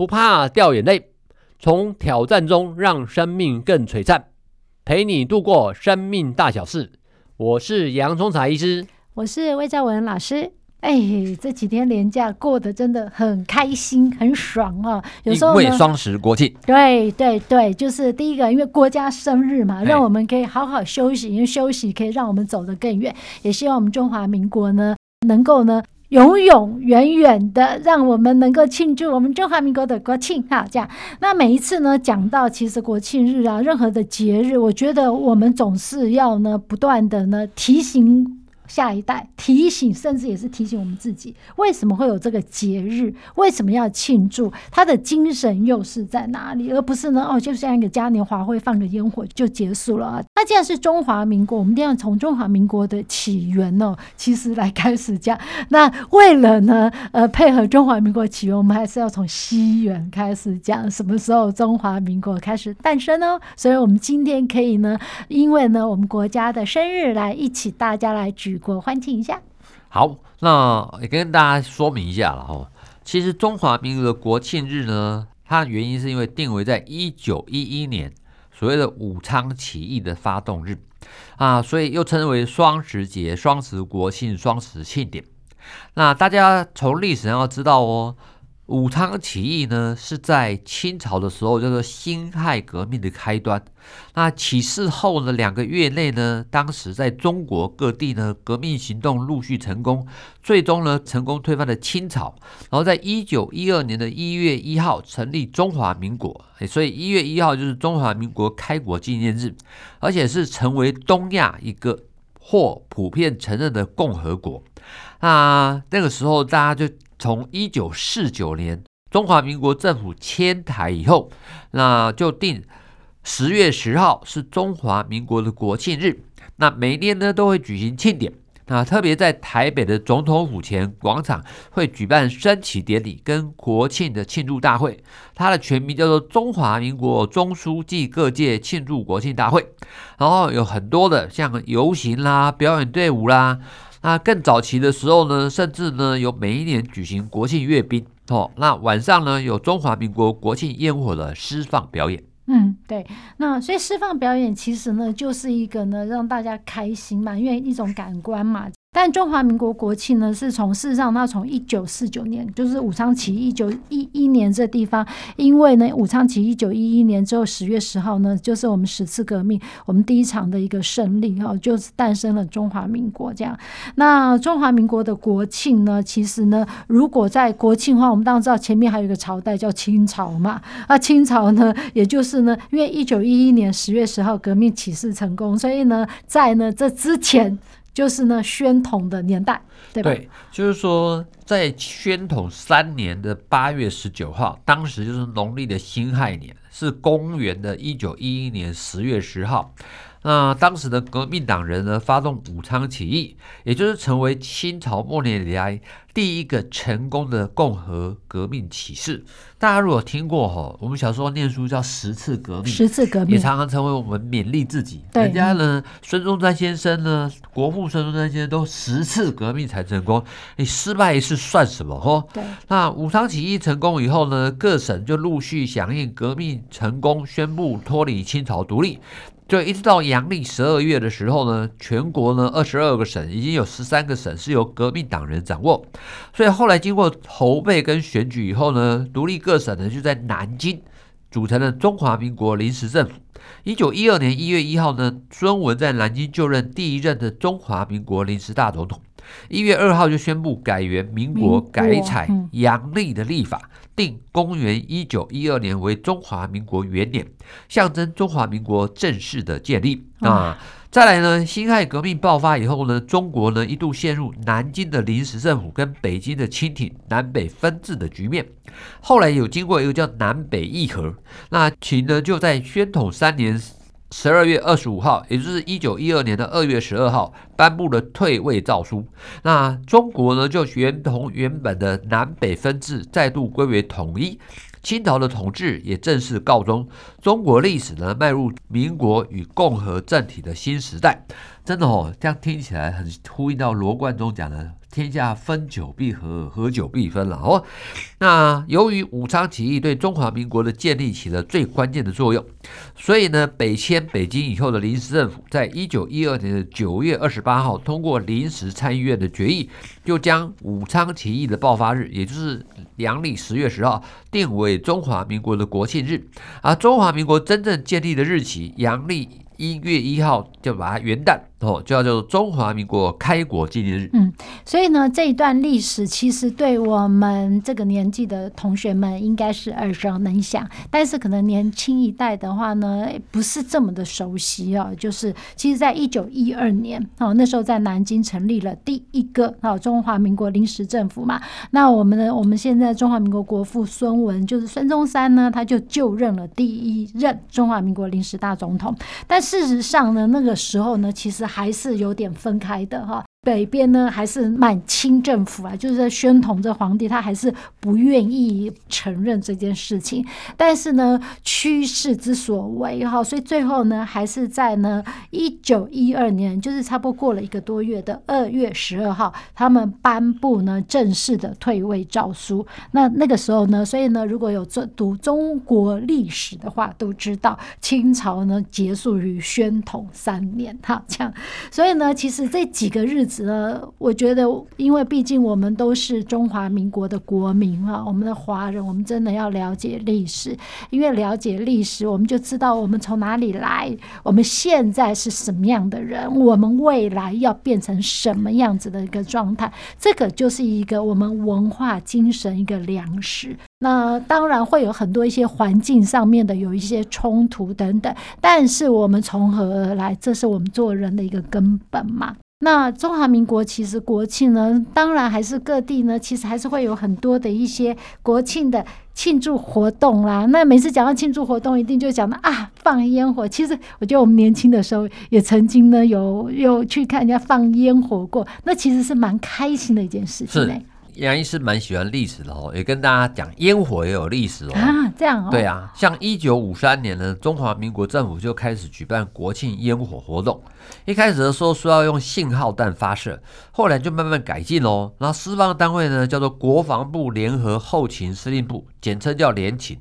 不怕掉眼淚，從挑戰中讓生命更璀璨，陪你度過生命大小事。我是楊聰財醫師，我是魏兆玟老師。哎，這幾天連假過得真的很開心，很爽哦、啊。有時候因為雙十國慶，對對對，就是第一個，因為國家生日嘛，讓我們可以好好休息，因為休息可以讓我們走得更遠。也希望我們中華民國呢，能夠呢。永永遠遠的，讓我們能夠慶祝我們中華民國的國慶哈。好這樣，那每一次呢，講到其實國慶日啊，任何的節日，我覺得我們總是要呢，不斷的呢提醒。下一代提醒，甚至也是提醒我們自己，為什麼會有這個節日？為什麼要慶祝？他的精神又是在哪裡？而不是呢，哦，就像一個嘉年華會放個煙火就結束了，啊。那既然是中華民國，我們一定要從中華民國的起源哦，其實來開始講。那為了呢，呃，配合中華民國起源，我們還是要從西元開始講，什麼時候中華民國開始誕生哦？所以我們今天可以呢，因為呢，我們國家的生日來，來一起大家來舉。給我歡慶一下，好，那也跟大家說明一下了哦，其實，中華民國的國慶日呢，它的原因是因為定為在一九一一年所謂的武昌起義的發動日啊，所以又稱為雙十節、雙十國慶、雙十慶典。那大家從歷史上要知道哦。武昌起義呢，是在清朝的時候叫做辛亥革命的開端。那起事後呢，兩個月內呢，當時在中國各地呢，革命行動陸續成功，最終呢，成功推翻了清朝。然後，在一九一二年的一月一號，成立中華民國，所以一月一號就是中華民國開國紀念日，而且是成為東亞一個或普遍承認的共和國。那那個時候，大家就。從一九四九年中華民國政府遷台以後，那就定十月十號是中華民國的國慶日。那每年呢都會舉行慶典，那特別在台北的總統府前廣場會舉辦升旗典禮跟國慶的慶祝大會。它的全名叫做中華民國中樞暨各界慶祝國慶大會，然後有很多的像遊行啦、表演隊伍啦。那、啊、更早期的時候呢，甚至呢有每一年舉行國慶閱兵，哦，那晚上呢有中華民國國慶煙火的施放表演。嗯，對，那所以施放表演其實呢就是一個呢讓大家開心嘛，因為一種感官嘛。但中華民國國慶呢，是從事實上，那從一九四九年，就是武昌起義一九一一年這地方，因為呢，武昌起義一九一一年之後十月十號呢，就是我們十次革命，我們第一場的一個勝利，喔，哈，就是誕生了中華民國這樣。那中華民國的國慶呢，其實呢，如果在國慶的話，我們當然知道前面還有一個朝代叫清朝嘛，啊，清朝呢，也就是呢，因為一九一一年十月十號革命起事成功，所以呢，在呢這之前。就是那宣統的年代，對吧？對，就是說，在宣統三年的八月十九號，當時就是農曆的辛亥年，是公元的一九一一年十月十號。那當時的革命黨人呢，發動武昌起義，也就是成為清朝末年以來第一個成功的共和革命起義。大家如果聽過吼，我們小時候念書叫十次革命，十次革命也常常成為我們勉勵自己。對人家呢，孫中山先生呢，國父孫中山先生都十次革命才成功，你失敗一次算什麼？吼，對。那武昌起義成功以後呢，各省就陸續響應革命成功，宣布脫離清朝獨立。就一直到陽歷十二月的時候呢，全國呢二十二個省已經有十三個省是由革命黨人掌握，所以後來經過籌備跟選舉以後呢，獨立各省呢就在南京組成了中華民國臨時政府。一九一二年一月一號呢，孫文在南京就任第一任的中華民國臨時大總統。一月二號就宣布改元民國，改採陽曆的曆法、嗯、定，公元一九一二年為中華民國元年，象徵中華民國正式的建立。嗯、啊，再來呢，辛亥革命爆發以後呢，中國呢一度陷入南京的臨時政府跟北京的清廷南北分治的局面。後來有經過一個叫南北議和，那清呢就在宣統三年。十二月二十五號，也就是一九一二年的二月十二號，頒布了退位詔書。那中國呢，就原同原本的南北分治再度歸為統一，清朝的統治也正式告終。中國歷史呢，邁入民國與共和政體的新時代。真的哦，這樣聽起來很呼應到羅貫中講的，天下分久必合，合久必分了哦。好，那由於武昌起義對中華民國的建立起了最關鍵的作用，所以呢，北遷北京以後的臨時政府，在一九一二年的九月二十八號通過臨時參議院的決議，就將武昌起義的爆發日，也就是陽曆十月十號，定為中華民國的國慶日。而中華民國真正建立的日期，陽曆一月一號，就把它元旦。哦，oh, 就要叫做中華民國開國紀念日。嗯，所以呢，這一段歷史其實對我們這個年紀的同學們應該是耳熟能詳，但是可能年輕一代的話呢，不是這麼的熟悉哦。就是，其實，在一九一二年，哦，那時候在南京成立了第一個哦中華民國臨時政府嘛。那我們的，我們現在中華民國國父孫文，就是孫中山呢，他就就任了第一任中華民國臨時大總統。但事實上呢，那個時候呢，其實。還是有點分開的哈。北邊呢還是滿清政府啊，就是宣統這皇帝，他還是不願意承認這件事情。但是呢，趨勢之所為哈，所以最後呢，還是在呢一九一二年，就是差不多過了一個多月的二月十二號，他們頒布呢正式的退位詔書。那那個時候呢，所以呢，如果有這讀中國歷史的話，都知道清朝呢結束於宣統三年哈，這樣。所以呢，其實這幾個日子。我覺得，因為畢竟我們都是中華民國的國民啊，我們的華人，我們真的要了解歷史。因為了解歷史，我們就知道我們從哪裡來，我們現在是什麼樣的人，我們未來要變成什麼樣子的一個狀態。這個就是一個我們文化精神一個糧食。那當然會有很多一些環境上面的有一些衝突等等，但是我們從何而來？這是我們做人的一個根本嘛。那中華民國其實國慶呢，當然還是各地呢，其實還是會有很多的一些國慶的慶祝活動啦。那每次講到慶祝活動，一定就講到啊放煙火。其實我覺得我們年輕的時候也曾經呢有有去看人家放煙火過，那其實是蠻開心的一件事情，欸。楊醫師蠻喜歡歷史的哦，也跟大家講煙火也有歷史哦。啊，這樣哦。對啊，像一九五三年呢，中華民國政府就開始舉辦國慶煙火活動。一開始的時候需要用信號彈發射，後來就慢慢改進嘍哦。那施放單位呢，叫做國防部聯合後勤司令部，簡稱叫聯勤。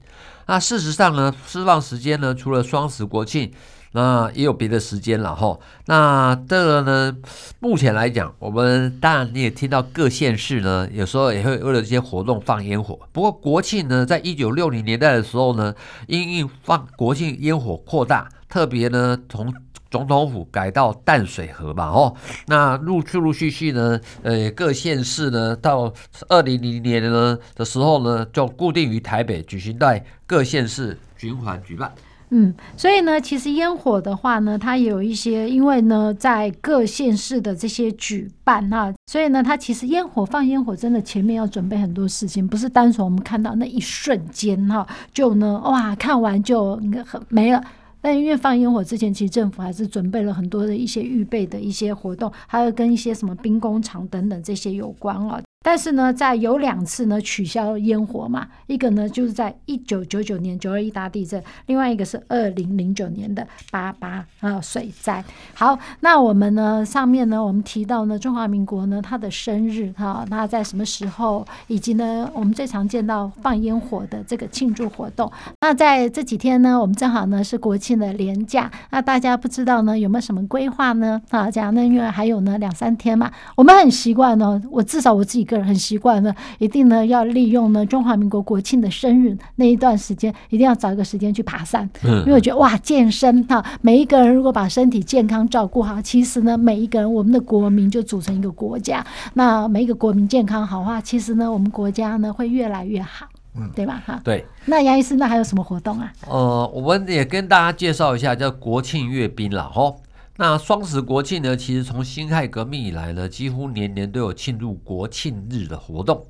那事實上呢，施放時間呢，除了雙十國慶。那也有別的時間了吼，那這個呢，目前來講，我們當然你也聽到各縣市呢，有時候也會為了一些活動放煙火。不過國慶呢，在一九六零年代的時候呢，因應放國慶煙火擴大，特別呢從總統府改到淡水河吧哦，那陸陸陸續續呢，呃、欸、各縣市呢到二零零零年呢的時候呢，就固定於台北舉行，在各縣市循環舉辦。嗯，所以呢，其實煙火的話呢，它有一些，因為呢，在各縣市的這些舉辦哈、啊，所以呢，它其實煙火放煙火真的前面要準備很多事情，不是單純我們看到那一瞬間哈、啊，就呢，哇，看完就很、嗯、沒了。但因為放煙火之前，其實政府還是準備了很多的一些預備的一些活動，還有跟一些什麼兵工廠等等這些有關了、啊。但是呢，在有兩次呢取消煙火嘛，一個呢就是在一九九九年九二一大地震，另外一個是二零零九年的八八啊水災。好，那我們呢上面呢我們提到呢中華民國呢它的生日哈、啊，那在什麼時候？以及呢我們最常見到放煙火的這個慶祝活動。那在這幾天呢，我們正好呢是國慶的連假，那大家不知道呢有沒有什麼規劃呢？啊，講真因為還有呢兩三天嘛，我們很習慣呢、哦，我至少我自己個人。很習慣呢，一定呢要利用呢中華民國國慶的生日那一段時間，一定要找一個時間去爬山。嗯嗯，因為我覺得哇，健身哈，每一個人如果把身體健康照顧好，其實呢，每一個人我們的國民就組成一個國家。那每一個國民健康好的話，其實呢，我們國家呢會越來越好，嗯，對吧？哈，對。那楊醫師，那還有什麼活動啊？呃，我們也跟大家介紹一下，叫國慶閱兵了。哈。那雙十國慶呢，其實從辛亥革命以來呢，幾乎年年都有慶祝國慶日的活動。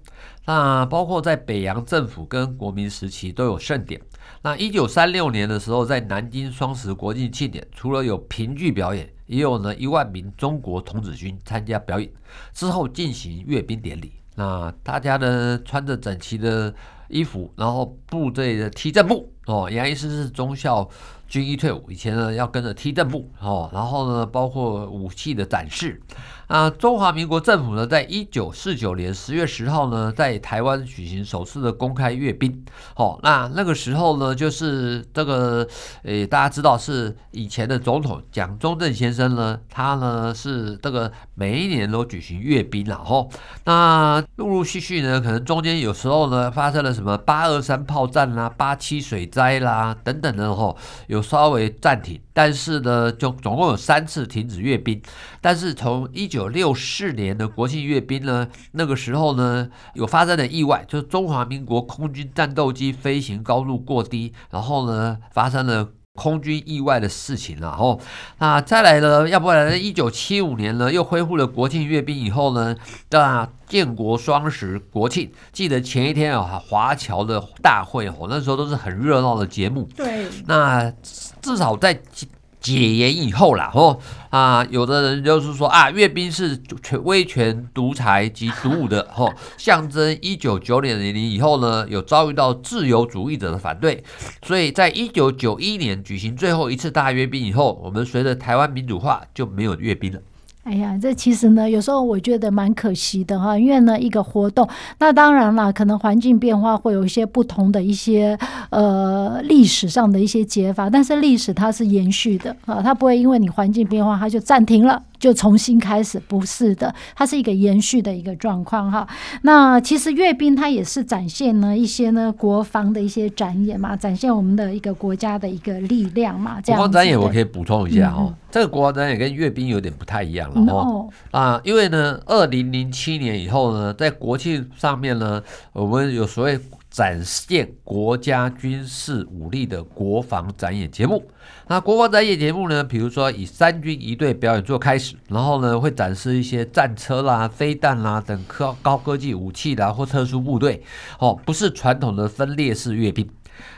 那包括在北洋政府跟國民時期都有盛典。那一九三六年的時候，在南京雙十國慶慶典，除了有評劇表演，也有呢一萬名中國童子軍參加表演之後進行閱兵典禮。那大家呢穿着整齊的衣服，然後部隊的踢正步。哦，楊醫師是中校軍醫退伍，以前呢要跟着踢正步哦，然後呢包括武器的展示啊。中華民國政府呢，在一九四九年十月十號呢，在台灣舉行首次的公開閱兵哦。那那個時候呢，就是這個誒、欸，大家知道是以前的總統蔣中正先生呢，他呢是這個每一年都舉行閱兵了哈、哦。那陸陸續續呢，可能中間有時候呢發生了什麼八二三炮戰啊、八七水戰災啦等等的吼，有稍微暫停，但是呢，就總共有三次停止閱兵，但是從一九六四年的國慶閱兵呢，那個時候呢，有發生了意外，就是中華民國空軍戰鬥機飛行高度過低，然後呢，發生了。空軍意外的事情了、啊。哦，那再來呢？要不然一九七五年呢，又恢復了國慶閱兵以後呢，的、啊、建國雙十國慶，記得前一天啊、哦，華僑的大會哦，那時候都是很熱鬧的節目。對，那至少在。解嚴以後啦，吼、哦、啊，有的人就是說啊，閱兵是威權獨裁及黷武的吼、哦、象徵。一九九零年以後呢，有遭遇到自由主義者的反對，所以在一九九一年舉行最後一次大閱兵以後，我們隨着台灣民主化就沒有閱兵了。哎呀，這其實呢，有時候我覺得蠻可惜的哈，因為呢，一個活動，那當然啦，可能環境變化會有一些不同的一些呃歷史上的一些解法，但是歷史它是延續的啊，它不會因為你環境變化它就暫停了。就重新開始？不是的，它是一個延續的一個狀況哈。那其實閱兵它也是展現呢一些呢國防的一些展演嘛，展現我們的一個國家的一個力量嘛。這樣的國防展演，我可以補充一下哈，嗯嗯這個國防展演跟閱兵有點不太一樣了、嗯、哦。啊，因為呢，二零零七年以後呢，在國際上面呢，我們有所謂。展現國家軍事武力的國防展演節目。那國防展演節目呢？比如說以三軍儀隊表演做開始，然後呢會展示一些戰車啦、飛彈啦等科高科技武器啦或特殊部隊。哦，不是傳統的分列式閱兵。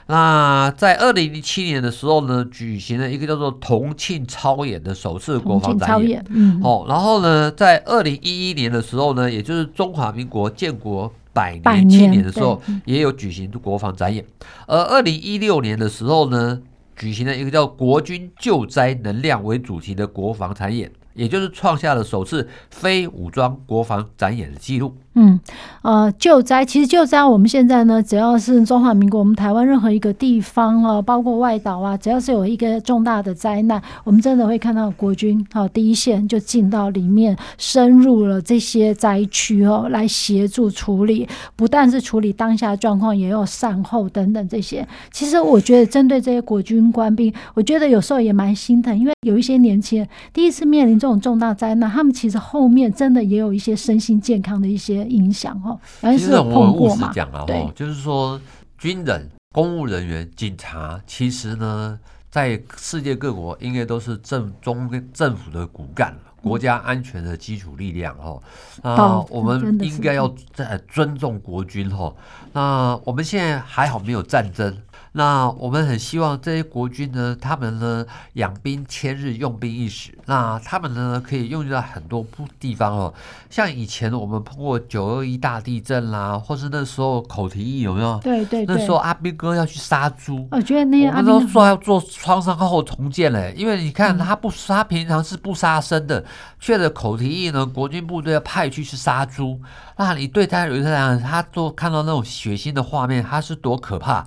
那在二零零七年的時候呢，舉行了一個叫做“同慶超演”的首次國防展演。演嗯。哦，然後呢，在二零一一年的時候呢，也就是中華民國建國。百年慶典的時候，也有舉行國防展演，而二零一六年的時候呢，舉行了一個叫“國軍救災能量”為主題的國防展演，也就是創下了首次非武裝國防展演的記錄。嗯，呃，救災其實救災，我們現在呢，只要是中華民國，我們台灣任何一個地方啊，包括外島啊，只要是有一個重大的災難，我們真的會看到國軍啊第一線就進到裡面，深入了這些災區哦，來協助處理，不但是處理當下狀況，也要善後等等這些。其實我覺得針對這些國軍官兵，我覺得有時候也蠻心疼，因為有一些年輕人第一次面臨這種重大災難，他們其實後面真的也有一些身心健康的一些影響哦，其實我們務實講了哦，對就是說，軍人、公務人員、警察，其實呢，在世界各國應該都是政中政府的骨幹，國家安全的基礎力量哦，啊、嗯呃，我們應該要在尊重國軍哦，那、呃、我們現在還好沒有戰爭。那我們很希望這些國軍呢，他們呢養兵千日，用兵一時。那他們呢可以用在很多不地方哦，像以前我們碰過九二一大地震啦，或是那時候口蹄疫有沒有？對對，對。那時候阿兵哥要去殺豬，我覺得那樣我都說要做創傷後重建嘞，因為你看他不，殺，平常是不殺生的，嗯、卻的口蹄疫呢，國軍部隊要派去去殺豬。那你對他有些人他講，他做看到那種血腥的畫面，他是多可怕。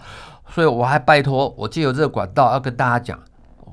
所以我還拜托，我借由這個管道要跟大家講，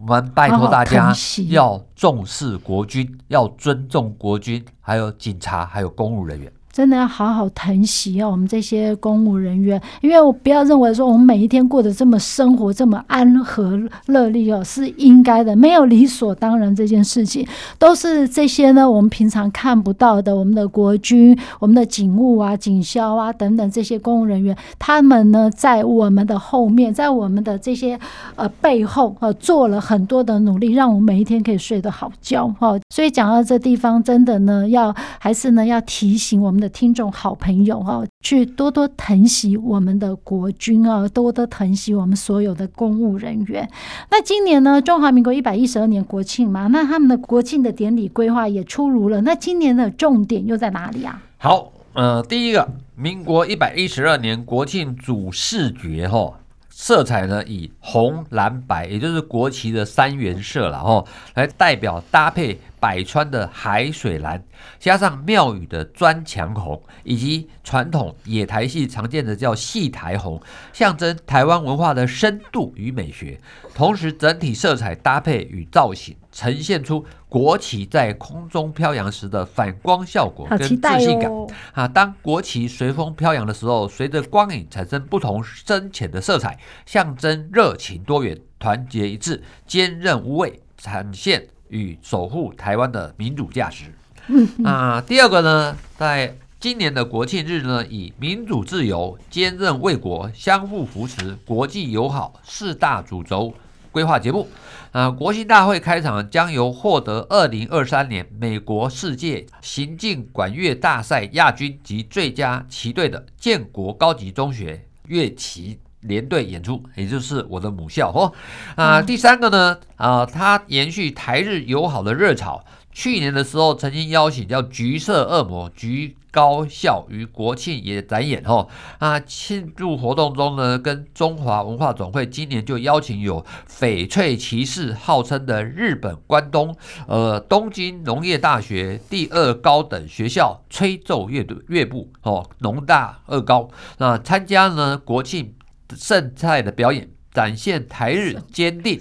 我們拜託大家要重視國軍，要尊重國軍，還有警察，還有公務人員。真的要好好疼惜哦，我們這些公務人員，因為我不要認為說我們每一天過得這麼生活這麼安和樂利哦，是應該的，沒有理所當然這件事情。都是這些呢，我們平常看不到的，我們的國軍、我們的警務啊、警消啊等等這些公務人員，他們呢在我們的後面，在我們的這些呃背後啊，做了很多的努力，讓我們每一天可以睡得好覺哈、哦。所以講到這地方，真的呢，要還是呢要提醒我們的聽眾好朋友哈、哦，去多多疼惜我們的國軍啊、哦，多多疼惜我們所有的公務人員。那今年呢，中華民國一百一十二年國慶嘛，那他們的國慶的典禮規劃也出爐了。那今年的重點又在哪裡啊？好，呃，第一個，民國一百一十二年國慶主視覺哈，色彩呢以紅、藍、白，也就是國旗的三原色啦，哦，來代表搭配。百川的海水藍，加上廟宇的磚牆紅，以及傳統野台戲常見的叫戲台紅，象徵台灣文化的深度與美學。同時，整體色彩搭配與造型呈現出國旗在空中飄揚時的反光效果跟自信感。哦、啊，當國旗隨風飄揚的時候，隨着光影產生不同深淺的色彩，象徵熱情多元、團結一致、堅韌無畏，展現。與守護台灣的民主價值。 那第二個呢，在今年的國慶日呢，以民主自由、堅韌衛國、相互扶持、國際友好四大主軸規劃節目。呃，國慶大會開場將由獲得二零二三年美國世界行進管樂大賽亞軍及最佳旗隊的建國高級中學樂旗連隊演出，也就是我的母校哦。啊、呃，第三個呢，啊、呃，他延續台日友好的熱潮。去年的時候曾經邀請叫“橘色惡魔”橘高校於國慶也展演哦。啊，慶祝活動中呢，跟中華文化總會今年就邀請有翡翠騎士號稱的日本關東呃東京農業大學第二高等學校吹奏樂隊樂部哦，農大二高那、呃、參加呢國慶。盛菜的表演，展現台日堅定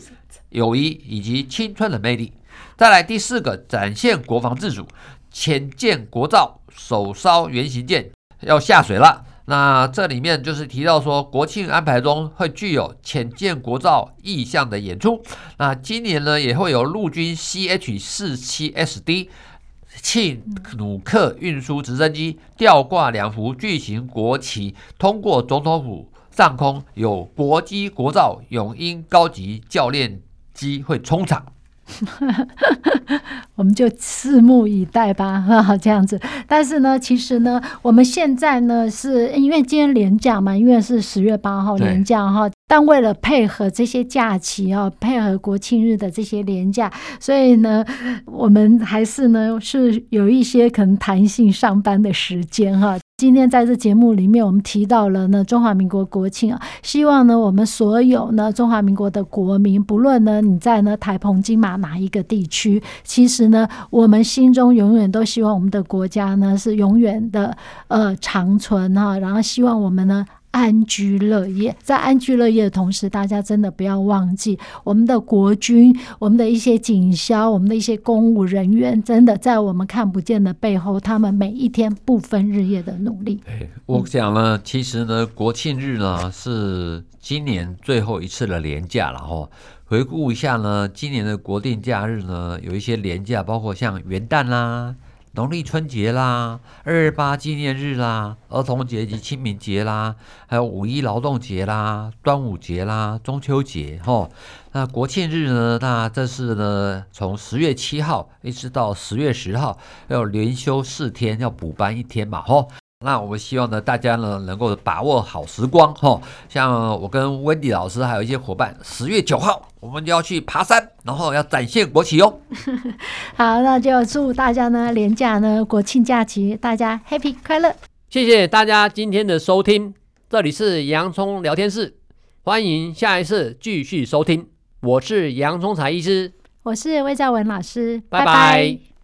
友誼以及青春的魅力。再來第四個，展現國防自主，潛艦國造，首艘原型艦要下水了。那這裡面就是提到說，國慶安排中會具有潛艦國造意象的演出。那今年呢，也會有陸軍 CH-47SD 契努克運輸直升機吊掛兩幅巨型國旗，通過總統府。上空有國機國造勇鷹高級教練機會衝場。 我們就拭目以待吧，哈，這樣子。但是呢，其實呢，我們現在呢，是因為今天連假嘛，因為是十月八號連假哈。對但為了配合這些假期啊，配合國慶日的這些連假，所以呢，我們還是呢是有一些可能彈性上班的時間哈。今天在這節目裡面，我們提到了呢中華民國國慶啊，希望呢我們所有呢中華民國的國民，不論呢你在呢台澎金馬哪一個地區，其實呢我們心中永遠都希望我們的國家呢是永遠的呃長存哈、啊，然後希望我們呢。安居樂業，在安居樂業的同時，大家真的不要忘記我們的國軍、我們的一些警消、我們的一些公務人員，真的在我們看不見的背後，他們每一天不分日夜的努力。哎，我講呢，其實呢，國慶日呢是今年最後一次的連假了哦，回顧一下呢，今年的國定假日呢有一些連假，包括像元旦啦、啊。農曆春節啦，二二八紀念日啦，兒童節及清明節啦，還有五一勞動節啦，端午節啦，中秋節，吼、哦，那國慶日呢？那這是呢，從十月七號一直到十月十號，要連休四天，要補班一天嘛，吼、哦。那我們希望呢，大家呢能夠把握好時光，像我跟 Wendy 老師，還有一些夥伴，十月九號我們就要去爬山，然後要展現國旗喲、哦。 好，那就祝大家呢連假呢國慶假期大家 happy 快樂。謝謝大家今天的收聽，這裡是洋蔥聊天室，歡迎下一次繼續收聽。我是洋蔥財醫師，我是魏兆玟老師，拜拜。拜拜